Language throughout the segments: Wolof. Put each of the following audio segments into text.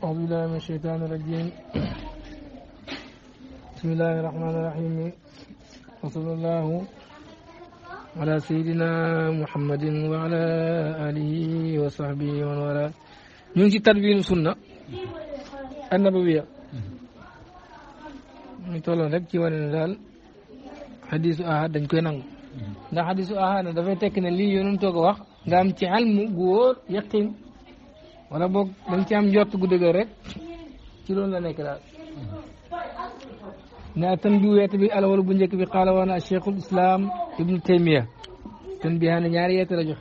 أعوذ بالله من الشيطان الرجيم بسم الله الرحمن الرحيم وصلى الله على سيدنا محمد وعلى آله وصحبه ومن والاه نجي تربيه السنة النبوية نتولى رك كي وانا نزال حديث أحد آه نكوي نانغ نا حديث أحد آه نا دافاي تيك لي يونتو كو واخ دا علم غور يقين wala bok dañ ci am njort gu dëgër rek ci loolu la nek daal na tan bi wete bi ala wala bu ñeek bi xala wana cheikhul islam ibnu taymiya tan bi hana ñaari yete la jox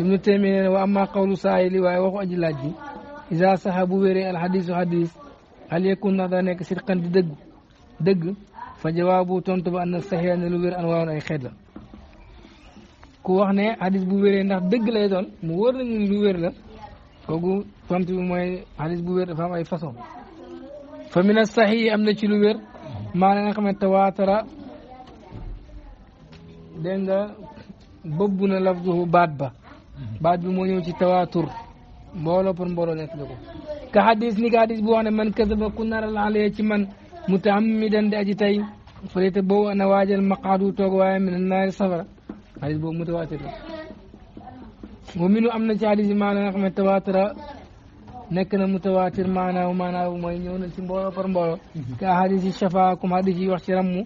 ibnu taymiya wa amma qawlu sa'ili way waxu aji laaj bi isa saxa bu wéree hadith xadis hal yakun ndax nek sirqan di deug deug fa jawabu tontu ba an sahihan lu wir an waawoon ay xeet la ku wax ne hadith bu wéré ndax deug lay doon mu wër na ñu lu wér la kooku tontu bi mooy xadis bu wér dafa am ay façon fa mina saxiix am na ci lu wér maa na nga xam ne tawaatara dégg nga bëbbu na lafduhu baat ba baat bi moo ñëw ci tawaatur mbooloo pour mbooloo nekk na ko ka xadis ni ka xadis bu wax ne man kasaba ku naral alee ci man mutaammidan di aji tey fële te boobu ana waajal maqaadu toog waaye min naari safara xadis boobu mutawaatir la wa minu am na ci hadis yi maanaam nga xam ne tawaatara nekk na mu tawaatir maanaaw maanaaw mooy ñëw na ci mbooloo par mbooloo mhm. ka ahadis yi shafa comme hadis yi wax ci rammu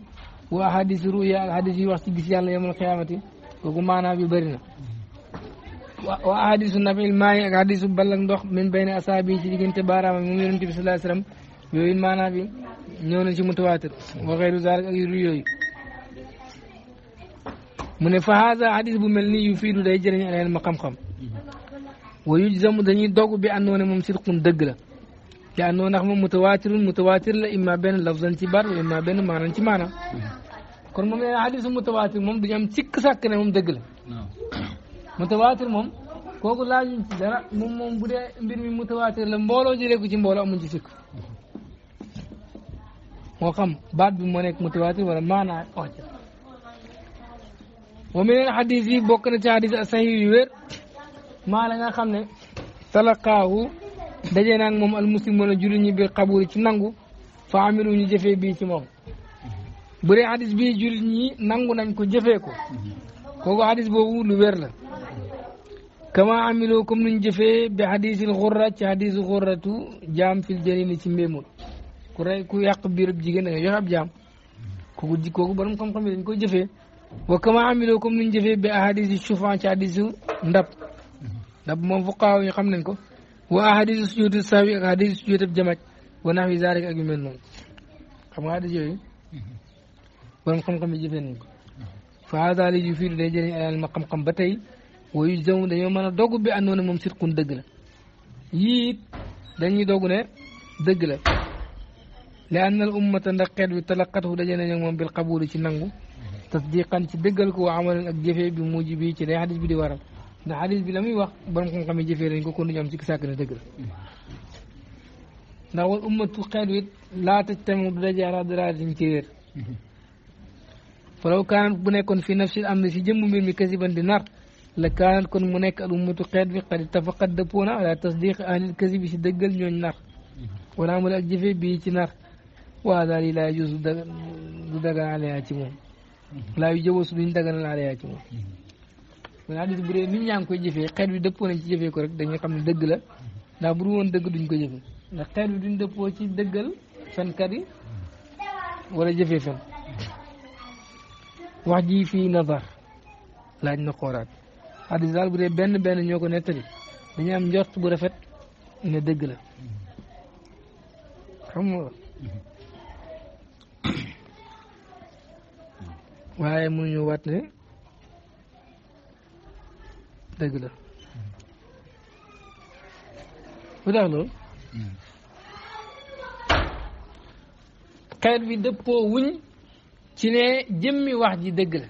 wa ahadis yi ruya ak hadis yi wax ci gis yàlla yawmal qiyaamati kooku maanaaw yu bëri na wa ahadisu nafil maayi ak hadisu ballak ndox min bayni asaabi ci diggante baaraama moom yonent bi sallallahu alayhi wa sallam yooyu maanaa bi ñëw na ci mutawaatir wa xeyru zaalik ak yu dul yooyu من فهذا حديث بملني يفيد ده يجري على المقام خم ويجزم ده يدعو بأنه نمم صدق دقلا لأنه نحن متواتر متواتر إما بين لفظ انتبار وإما بين معنى انتبار كل من حديث متواتر مم بجام تك ساك نمم دجلة متواتر مم كوكو لا جنس دارا مم مم بدي بير من متواتر لمبولو جريكو جنبولو من جسك وقام بعد بمونيك متواتر ولا معنى أوتر wa mineen xadis yi bokk na ci xadis asahi yu wér maa la nga xam ne talaqaahu daje naag moom al muslimuuna jullit ñi bi xaburi ci nangu fa amilu ñu jëfee bii ci moom bu dee bi bii jullit nangu nañ ko jëfee ko kooku xadis boobu lu weer la kama amiloo comme nuñ jëfee bi xadisil xurra ci xadisu xurratu jaam fil janini ci mbéemul ku rey ku yàq biirub jigéen da nga joxe ab jaam kooku kooku borom xam-xam yi dañ koy jëfee wa kama amiloo comme nuñ jëfee bi ahadis shufan ci hadisu ndab ndab moom fuqaaw yi xam nañ ko wa ahadisu sujudi sahwi ak ahadisu sujudi jamaj wa nahwi zalik ak yu mel noonu xam nga hadis yooyu borom xam-xam yi jëfee nañ ko ma xam-xam ba tey wa yu jëm dañoo mën a dogg bi àndoon moom sirkun dëgg la yii it dañuy dogg ne dëgg la ndax xeet wi talaqatu daje nañ ak bil qabuli ci nangu تصديقاً تدقلك وعملاً الجفاء بموجبه كذا حديث بدي وراء ده حديث بلا مي وقت برمكم كم جفاء لينكو كونوا جام سكساك ندقل ده أمة قالوا لا تتم درجة على درجة كبير فلو كان بنكون في نفس الأمر في جنب من مكسب النار لكان كون منك الأمة قالوا قد اتفقت دبونا على تصديق أهل الكذب شدقل نيو النار ولا عمل الجفاء بيتي وهذا لا يجوز دقل عليها تموم laa yu jëboo su duñ daganal alayha ci moom kon hadis bu dee nit ñaa ngi koy jëfee xeet bi dëppoo nañ ci jëfee ko rek dañuy xam ne dëgg la daa bu woon dëgg duñ ko jëfee ndax xeet bi duñ dëppoo ci dëggal fenkat yi wala jëfee fen wax ji fii nazar laaj na xooraat hadis daal bu dee benn benn ñoo ko nettali dañu am njort bu rafet ne dëgg la waaye mënuñu waat ne dëgg la bu tax bi dëppoo wuñ ci ne jëmmi wax ji dëgg la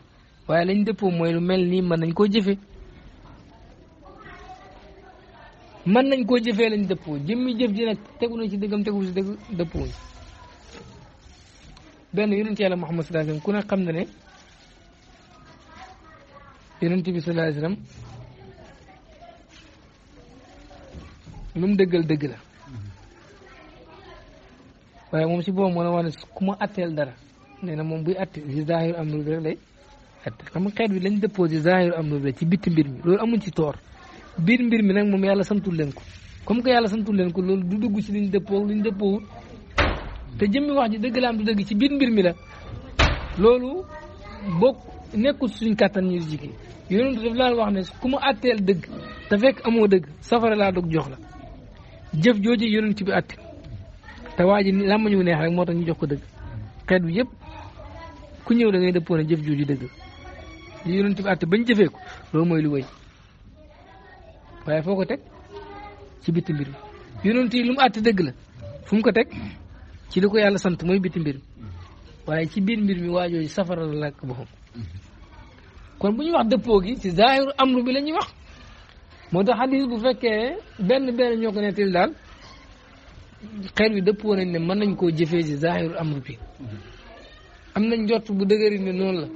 waaye lañ dëppoo mooy lu mel nii mën nañ koo jëfe mën nañ koo jëfee lañ dëppoo jëmmi jëf ji nag tegu na ci dëggam tegu ci dëgg dëppoo benn yonent yàlla Muhammad mu alayhi wasallam ku ne xam na ne yonent bi sallallahu alayhi wasallam lu mu dëggal dëgg la waaye moom si boobu moo la wax ne ku ma atteel dara nee na moom buy atte si zahir amru bi rek lay atte xam nga xeet bi lañ dëppoo si zahir amru bi la ci bitti mbir mi loolu amuñ ci toor biir mbir mi nag moom yàlla santul leen ko comme que yàlla santul leen ko loolu du dugg ci liñ dëppoo liñ dëppoowut te jëmmi wax ji dëgg la am du dëgg ci biir mbir mi la loolu bokk nekkul suñ kàttan ñuy jikki yonent daf laal wax ne ku ma àtteel dëgg te fekk amoo dëgg safara laa dogg jox la jëf jooju yonent bi àtte te waa lam làmmañu neex rek moo tax ñu jox ko dëgg xeet bi yëpp ku ñëw dangay ngay dëppoo ne jëf jooju dëgg li yonent bi bañ jëfee ko loolu mooy lu wéy foo ko teg ci bitti mbir mi yonent yi lu mu dëgg la fu ko teg ci li ko yàlla sant mooy bitti mbir mi waaye ci biir mbir mi waa jooju safara la làkk boppam kon bu ñuy wax dëppoo ki ci zaahiru amru bi la ñuy wax moo tax xadis bu fekkee benn benn ñoo ko nettali daal xeet bi dëppoo nañ ne mën nañ koo jëfee ci zaahiru amru bi am nañ jot bu dëgër ne noonu la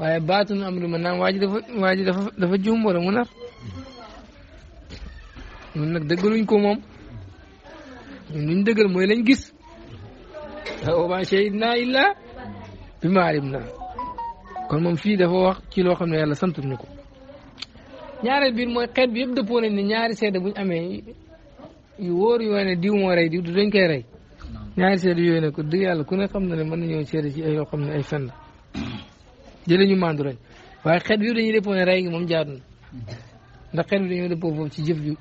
waaye baatun amru mën naam waa ji dafa waa ji dafa dafa juum wala mu nar ñun ko moom ñun luñ dëggal mooy lañ gis wa maa shahidnaa illaa bimaa alimnaa kon moom fii dafa wax ci loo xam ne yàlla santul ñu ko ñaareel biir mooy xeet bi yëpp dëppoo nañ ñaari seede buñ amee yu wóor yu wane diw moo rey diw du dañ koy rey ñaari seede yooyu ne ko dëgg yàlla ku ne xam na ne mën nañoo seede ci ay yoo xam ne ay fen la jëlee ñu mandu lañ waaye xeet bi yëpp dañuy dëppoo ne rey gi moom jaadu na xeet bi dañoo dëppoo jëf ju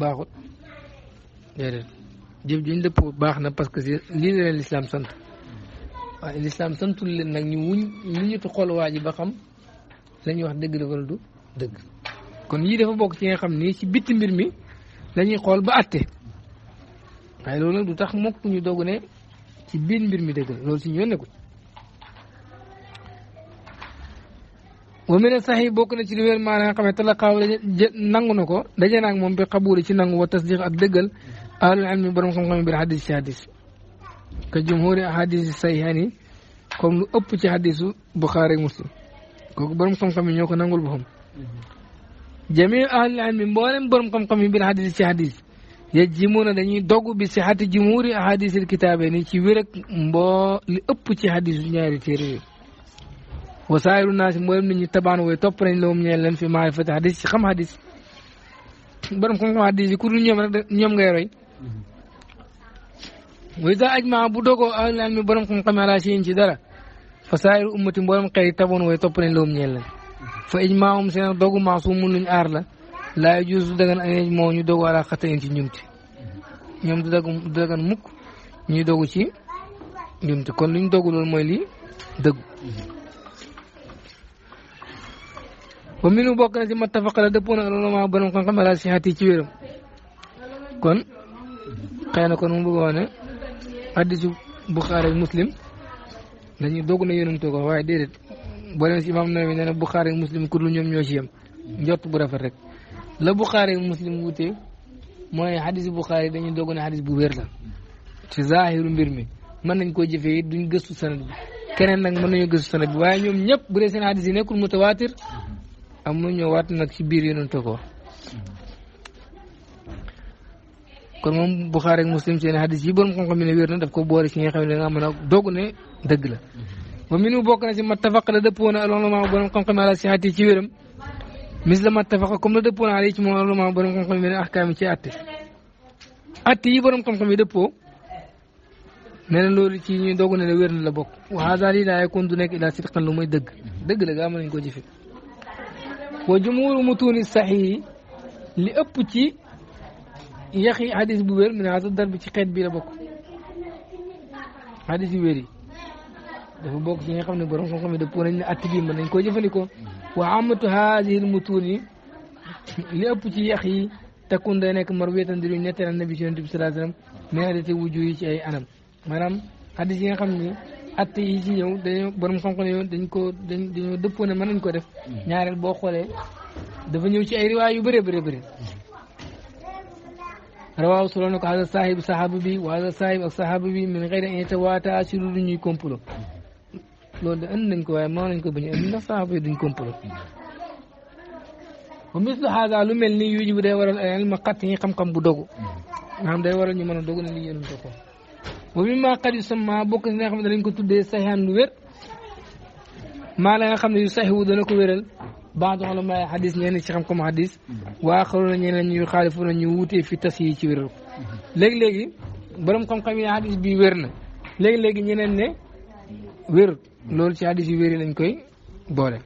baaxut déedéet jëf juñ dëppoo baax na parce que lii leen lislaam sant waaye lislaam santul leen nag ñu wuñ li ñutu xool waa ji ba xam la ñuy wax dëgg la wala du dëgg kon yii dafa bokk ci nga xam ni ci bitti mbir mi la xool ba atte waaye loolu nag du tax mukk ñu dogu ne ci biir mbir mi dëgg la loolu si ñoo nekkul wa mine sax yi bokk na ci li wér a xam ne talaqaaw nangu na ko daje na ak moom bi xabuuri ci nangu wa tasdiq ak dëggal ahlul ilmi borom xam-xam bi xadis ci xadis ka jumhuri ahadis say hani comme lu ëpp ci hadisu Buxaari ak Muslim kooku borom xam-xam yi ñoo ko nangul boppam jami ahli ilmi mboolem borom xam-xam yi biir hadis ci hadis yajimuna dañuy dogg bi si hati jumhuri ahadisil kitaabe ni ci wér ak mboo li ëpp ci hadisu ñaari téere yi wasaayiru naa si mboolem nit ñi tabaan wooy topp nañ la ñeel leen fi maarifati hadis xam hadis borom xam-xam hadis ku dul rek ñoom ngay roy wa ida ajmaa bu dogoo ahlul ilmi borom xam-xam ala shay'in ci dara fa saayiru ummati mboolem xeet yi taboon way topp nañ lawum ñeel um ñu ci njumti ñoom du ñuy dogu ci njumti kon luñ dogu loolu mooy li dëggu ba minu bokk na wéram kon xëy na kon mu bëgg wax hadisu Buxaari ak Muslim dañuy doog na yonantoo ko waaye déedéet boo demee si imaam Nawawi nee na Buxaari ak Muslim ku dul ñoom ñoo ci yem njort bu rafet rek la Buxaari ak Muslim wutee mooy hadisu Buxaari dañuy doog ne hadis bu wér la ci zaahiru mbir mi mën nañ koo jëfee it duñ gëstu sanad bi keneen nag mën nañoo gëstu sanad bi waaye ñoom ñëpp bu dee seen hadis yi nekkul mutawaatir am na ñoo waat nag ci biir yonantoo ko kon moom Buxaari ak Muslim seen hadis yi borom xam-xam yi ne wér na daf ko boole ci nga xam ne nga mën a doog ne dëgg la ba minu bokk na si mattafaq la dëppoo na alolama borom xam-xam ala si ati ci wéram mis la mattafaqa comme la dëppoo na ala ci moom alolama borom xam-xam ne ahkaam ci atte atte yi borom xam-xam yi dëppoo nee na loolu ci ñu doog ne la wér na la bokk waxaasa lii laa yakun du nekk ilaa sidqan lu muy dëgg dëgg la gaa mën nañ ko jëfe wa jumhuru mutuni saxiix li ëpp ci yaxi hadis bu wér mu ne asa dar bi ci xeet bii la bokk hadis yu wér yi dafa bokk ci nga xam ne borom xam-xam yi dëppoo nañ ne att bi mën nañ koo jëfandikoo wa amatu haadihi lmutuun yi li ëpp ci yax yi takkun day nekk mar wéetandiruñ netteel annabi ci yonent bi salaa sallam mais hadis wujju yi ci ay anam maanaam hadis yi nga xam ne att yi ci ñëw dañoo borom xam-xam yi dañ ko dañ dañoo dëppoo ne mën nañ ko def mm. ñaareel boo xoolee dafa ñëw ci ay riwaay yu bëree bëri bëri rawaaw solo na ko hada saahibu sahaaba bi wa hada saahibu ak sahaaba bi min xëy na waata tawaata si lu ñuy complot loolu de andi nañ ko waaye maa nañ ko bañ a andi ndax sahaaba yi duñ complot ba mislu hada lu mel ni yuji bu day waral ay alma xat yi xam-xam bu dogu nga day waral ñu mën a dogu ne li yéen a ko wa mi maa xat yu sama bokk si nga xam ne dañ ko tuddee saxaan lu wér xam ne yu dana ko بعض علماء الحديث لين شخم كم حديث وآخرون لين لين يخالفون لين يوتي في تسيه تيرو لق لقي برم كم كم الحديث بيرن لق لقي لين لين وير لول الحديث بيرن لين كوي بولا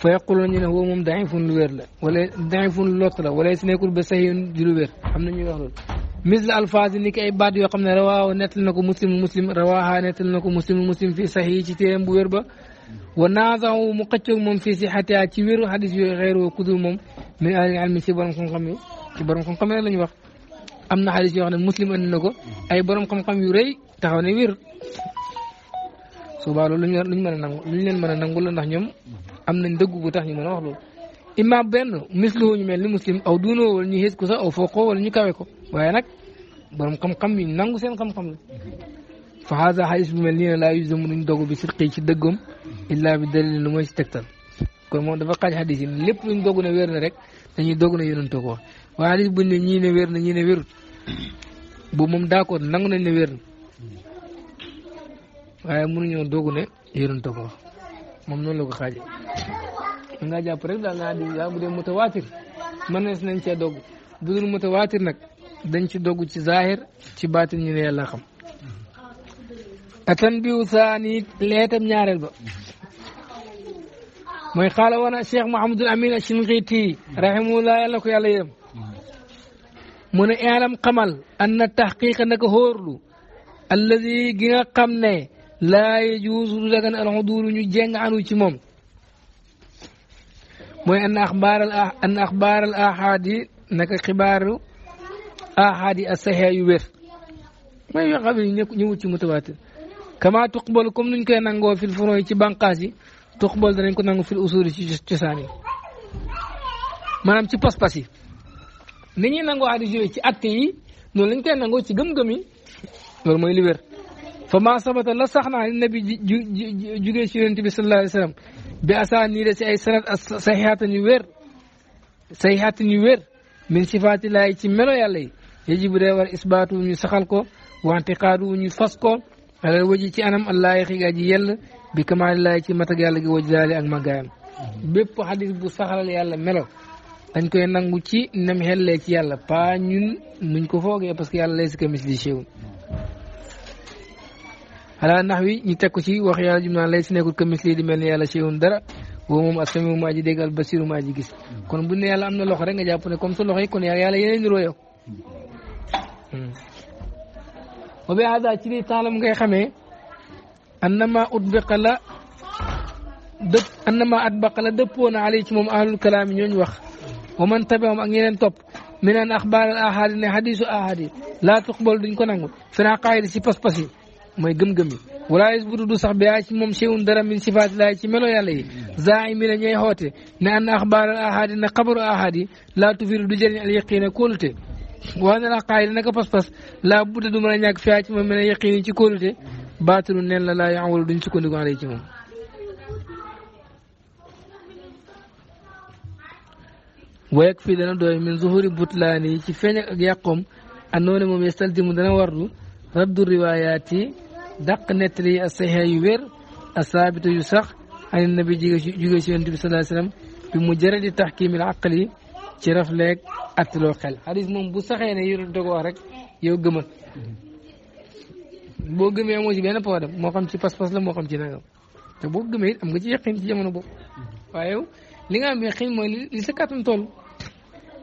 فيقولون لين هو مم دعيم فن وير ولا دعيم فن لطلا ولا يسمع كل بسهيون جلو وير هم لين يقولون مثل الفاظ نيك اي بعد يقمن رواه نتل مسلم مسلم رواه نتل مسلم مسلم في صحيح تيرم بوير با wa naasahu mu xëccoog moom fii si xatiyaa ci wéru xadis yooyu xeeroo kudul moom min ahli almi si xam-xam ci borom xam-xam la ñu wax am na xadis yoo xam ne muslim andi na ko ay borom xam yu rëy taxaw ne wér subaa loolu luñ mën a nangu luñ leen mën a nangu ndax ñoom am nañ dëgg bu tax ñu mën a wax loolu imma benn misluhu ñu mel ni muslim aw duunoo wala ñu xees ko sax aw fooqoo ñu kawe ko waaye nag borom xam-xam yi nangu seen xam-xam la fa haza xadis bu mel nii ne laa yusamu duñ dogu bi sirqi ci dëggam illaa bi dalil lu mooy si tegtal kon moom dafa xaaj xadis yi lépp luñ doog ne wér na rek dañuy doog na yonantoo ko wax waaye xadis buñ ne ñii na ñii ne wérut bu moom d'accord nangu na waaye mënuñoo doog ne yonantoo ko moom noonu la ko xaajee. jàpp rek daal naa di yaa ah, bu dee mutawaatir mënees nañ cee doog bu dul mutawaatir nag dañ ci doog ci zaahir ci baatin ñu ne yàlla xam. Mm-hmm. atan biu saani leetam ñaareel ba. mooy xaala woon Cheikh Mouhamadul Amin Ashinqiti rahimahullah yàlla ko yàlla yërëm mu ne ilam xamal an na taxqiqa naka hóorlu alladi gi nga xam ne laa yajuusu du dagan alxuduuru ñu jéng anu ci moom mooy an axbaar al an axbaar al axaad yi naka xibaaru axaad yi asaxee yu wér mooy yoo xam ne ñëwut ci mutawaatir kama tuqbalu comme nuñ koy nangoo fil furoo yi ci bànqaas yi تقبل دارين كنا في الأصول في جساني ما نام في باس باسي نيني نانغو عادي جوي في أكتي نولنك نانغو في غم غمي نولمي لبير فما سبت الله سخنا النبي جوجي في النبي صلى الله عليه وسلم بأسان نيرة أي سنة صحيحة نيوير صحيحة نيوير من صفات الله يتي ملو يالي يجب ريوار إثباته نيو سخنكو وانتقاده نيو فسكو على وجه تي أنام الله يخيجي يلي bi kamaalillaay ci mat ak yàlla gi wajalaali ak màggaayam bépp xadis bu saxalal yàlla melo dañ koy nangu ci nem xellee ci yàlla pa ñun nuñ ko foogee parce que yàlla lay si kamis li chéun ala nax wi ñu teg ci wax yàlla jum naan lay si nekkul kamis lii di mel ni yàlla chéun dara boobu moom asami maa ji dégg al basiru maa ji gis kon bu ne yàlla am na loxo rek nga jàpp ne comme sa loxo yi kon yàlla yeneen niroo yow ba hmm. bi ci li taalam ngay xamee انما ادبق لا دب انما ادبق لا دبون عليه موم اهل الكلام نيون واخ ومن تبعهم اك نينن توب من ان اخبار الاحاد ان حديث احاد لا تقبل دين كو نانغ فنا قايل سي باس باسي موي گم گمي ولا يثبت دو صاح بها سي موم سيون درام من صفات الله سي ملو يالا زاعم لا ني هوتي ان اخبار الاحاد ان قبر احاد لا تفير دو جيرن اليقين كولتي وانا قايل نك باس باس لا بود دو مانا نياك فيا سي موم من اليقين سي كولتي baatilu neen la laa yaawalu duñ sukkandiku alay ci moom wayak fii dana doy min zuhuri butlaani yi ci feeñ ak yàqoom andoo ne moom yestalzimu dana warlu rabdu riwaayaat yi dàq nettali yi asaxiya yu wér asaabita yu sax ani nabi jóge jóge si yonent bi sallallahu alayhi wasallam bi mu jëre di taxkiimil aqal yi ci rafleeg attiloo xel xadis moom bu saxee ne yu dogo wax rek yow gëmal boo gëmee amoo ci benn problème moo xam ci pas-pas la moo xam ci nangam te boo gëmee it am nga ci yaqin ci jamono boobu waaye yow li nga am yaqin mooy li sa kattan toll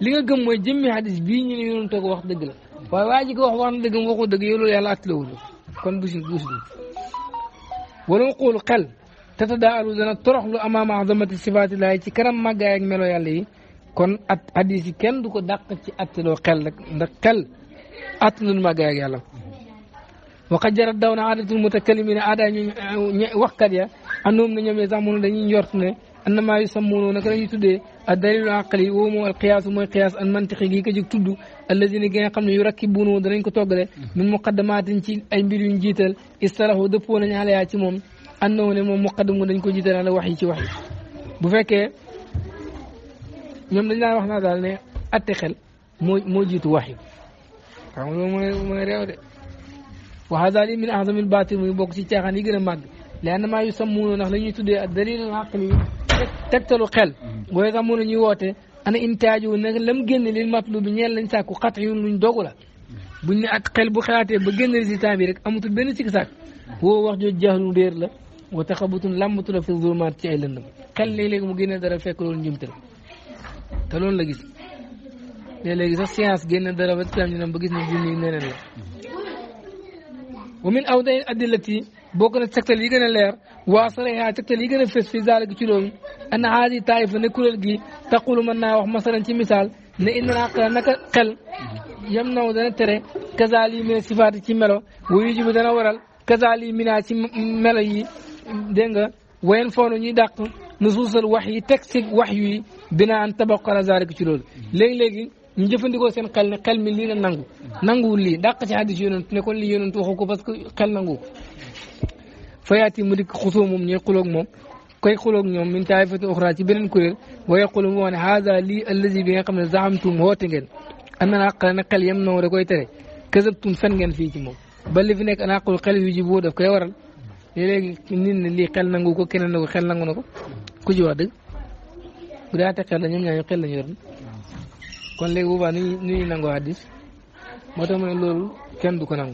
li nga gëm mooy jëmmi hadis bii ñu ne yoonu toog wax dëgg la waaye waa ji ko wax wax na dëgg mu waxoo dëgg yow loolu yàlla attilawul kon busi busi du wala xool xel tatadaalu dana toroxlu amaama azamati sifaatillahi ci kanam màggaay ak melo yàlla yi kon at hadis yi kenn du ko dàq ci attiloo xel rek ndax xel attilul màggaay ak yàlla وقد جرت داون عادة المتكلمين عادة وقت يا أنهم نجم يزامون دني يورتنا أن ما يسمون نكرني تدي الدليل العقلي هو مو القياس مو القياس المنطقي كي كجوك تدو الذين جاء قم يركبون ودرين كتوغلة من مقدمات إن أي بيرين جيتل استراه دفون أن على أتمام أنه نمو مقدم ودرين كجيتل على وحي كوحي بفكة نعم لنا رحنا دالنا التخل مو مو جيت وحي فهم ما ما ريوه wa hada li min ahzami al-baatil muy bokk ci caaxaan yi gën a màgg li annama yu sammuuna ndax la ñuy tuddee ak dalil al-aqli tegtalu xel booy sammuuna ñuy woote ana intaaju nag lam génn lil matlubi ñeel lañ sàkku xat yu luñ dogu la buñ ne ak xel bu xalaatee ba génn résultat bi rek amatul benn sikk sàkk woo wax jooju jaxlu deer la wa taxabutun làmbatu la fi zulmaat ci ay lëndëm xel léeg-léeg mu génne dara fekk loolu njumte la te loolu la gis léeg-léegi sax science génne dara ba islam ñu ba gis ne junni la wa min awday adillati bokk na tegtal yi gën a leer waa saraha tegtal yi gën a fës fi zalika ci loolu an haadi taifa ne kuréel gi taqulu mën naa wax masalan ci misaal ne inna aqla naka xel yam naw dana tere kazali mina sifaati ci melo wa yujibu dana waral kazali mina ci melo yi dégg nga wayen foonu ñuy dàq nusuusal wax yi teg si wax yi binaan tabaqara zalika ci loolu léegi-léegi ñu jëfandikoo seen xel ne xel mi lii la nangu nanguwul lii dàq ci hadis yonent ne kon lii yonent waxu ko parce que xel nangu ko fayaati mu dikk xusoo moom ñooy xuloog moom koy xuloog ñoom min taayifatin uxra ci beneen kuréel wa yaqulu mu wax ne haada lii allazi bi nga xam ne zaamtum hoote ngeen am na àqal ne xel yem noo da koy tere kësabtum fen ngeen fii ci moom ba li fi nekk an àqul xel yu ji boo daf koy waral léegi nit ne li xel nangu ko keneen na ko xel nangu na ko ku ci wax dëgg bu daate xel la ñoom ñaa xel la kon léegi boobaa nu ni nu ñuy nangoo hadis moo tax ne loolu kenn du ko nang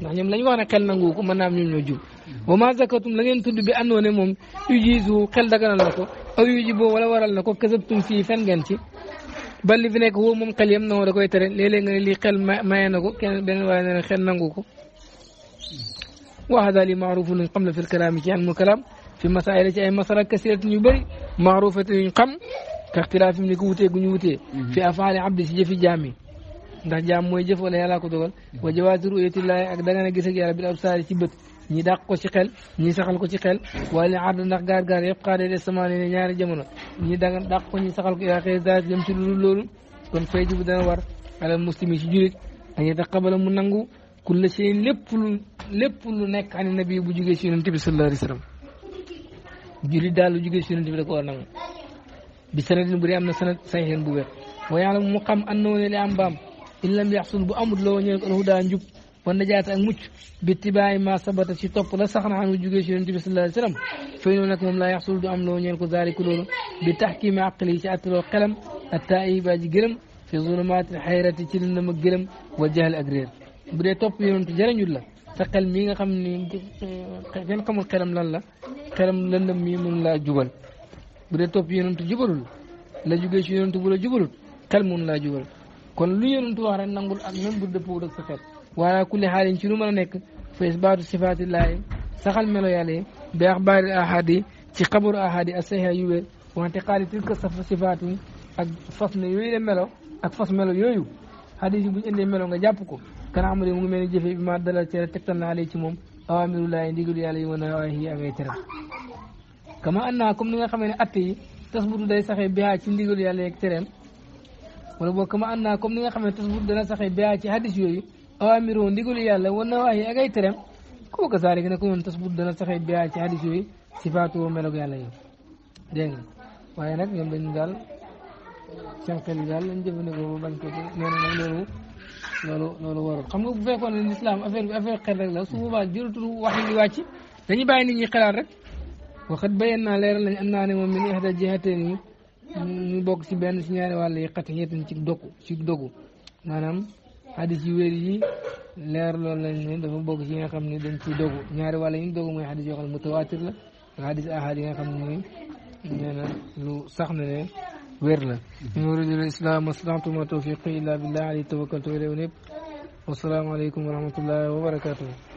ndax ñom lañ wax na xel nangu ko man na ñu ñu jub wa ma zakatum la ngeen tuddu bi annone mom moom xel daga na lako aw uji boo wala waral nako ko kasabtum fii fen ngeen ci balli fi nek wo mom xel yam no da koy tere lele nga li xel maye na ko kenn benn waaye ne xel nangu ko وهذا لي معروف ينقم في الكلام كي علم الكلام في ay masara مسألة كثيرة bari ma'rufatun qam kaxtilaafi mu ni ko wutee gu ñu wutee mhm. fi afaali abdi si jëfi jaam yi ndax jaam mooy jëf wala yàllaa ko dogal mhm. wa jawaasi ru'yatillaahi ak danga na gis ak yàlla bil absaari ci bët ñi dàq ko ci xel ñi saxal ko ci xel wala arda ndax gaar gaar yëpp xaadee des samaane ne ñaari jamono ñi danga dàq ko ñi saxal ko yaa xëy daal jëm ci lu loolu kon fay ji bu dana war alal muslimi ci jurit an yataqabala mu nangu kulla shay lépp lu lépp lu nekk ani nabi bu jugee si yonent bi sallallahu alayhi wa daal lu jugee si yonent ko war بسند بري امنا سند سايين بو وير ويعلم مقام انه لي امبام ان لم يحصل بو امود لو نيو كن هدا نجوب ون نجات اك موتش بتباع ما ثبت سي توب لا سخنا عن جوغي سي نبي صلى الله عليه وسلم فين نك لا يحصل بو ام لو نيو كو ذلك لول بتحكيم عقلي سي اتلو قلم التائب اجرم في ظلمات الحيره تي نما جرم وجهل اجرير بري توب يونت جرانيول لا تقل ميغا خامني فين كامل كلام لان لا كلام لان مي bu dee topp yonent jubalul la jugee ci yonent bu la jubalut xel laa jubal kon lu yonent wax rek nangul ak même bu dëppoo ak sa xel waaye kulli xaalin ci lu ma a nekk fa isbaatu sifaatillaahi saxal melo yàlla yi bi axbaari ahad yi ci xabaru ahad yi ak saxiha yu wér wante xaali tilka sa sifaatun ak fas ne ak fas melo yooyu xadis yi bu melo nga jàpp ko kana xam mu ngi mel ni jëfe bi ma dalal cere tegtal naa ci moom awaamirulaay ndigalu yàlla yi mën a waaye yi ak ay kama anna comme ni nga xamee ne att yi tasbutu day saxee bihaa ci ndigal yàlla yeeg tereem wala boog kama anna comme ni nga xamee ne tasbutu dana saxee bihaa ci hadis yooyu awamiroo ndigal yàlla wan na wax yi ak ay tereem kooku kasaare gi nag noonu tasbutu dana saxee bihaa ci hadis yooyu sifaatu melog yàlla yi dégg nga waaye nag ñoom dañu daal seen xel yi daal lañ jëfandikoo ba bañ ko nee na loolu loolu loolu warul xam nga bu fekkoon ne lislaam affaire bi affaire xel rek la su boobaa jëratul wax yi wàcc dañuy bàyyi nit ñi xelaat rek waxat bayyannaa leeral nañ annaa ne moom min ihda jihateen yi ñu bokk ci benn ci ñaari wàll yi xatiyatan ci dogu ci dogu maanaam hadis yu wér yi leer loolu lañ ne dafa bokk ci yi nga xam ne dañ ciy dogu ñaari wàll yi ñu dogu mooy hadis yoo xam ne mutawaatir la ak hadis ahad yi nga xam ne nee na lu sax na ne wér la in uridu al islam astantu ma tawfiqi illa billah alayhi tawakkaltu wa ilayhi unib wassalaamu aleykum wa rahmatullahi wa barakatuh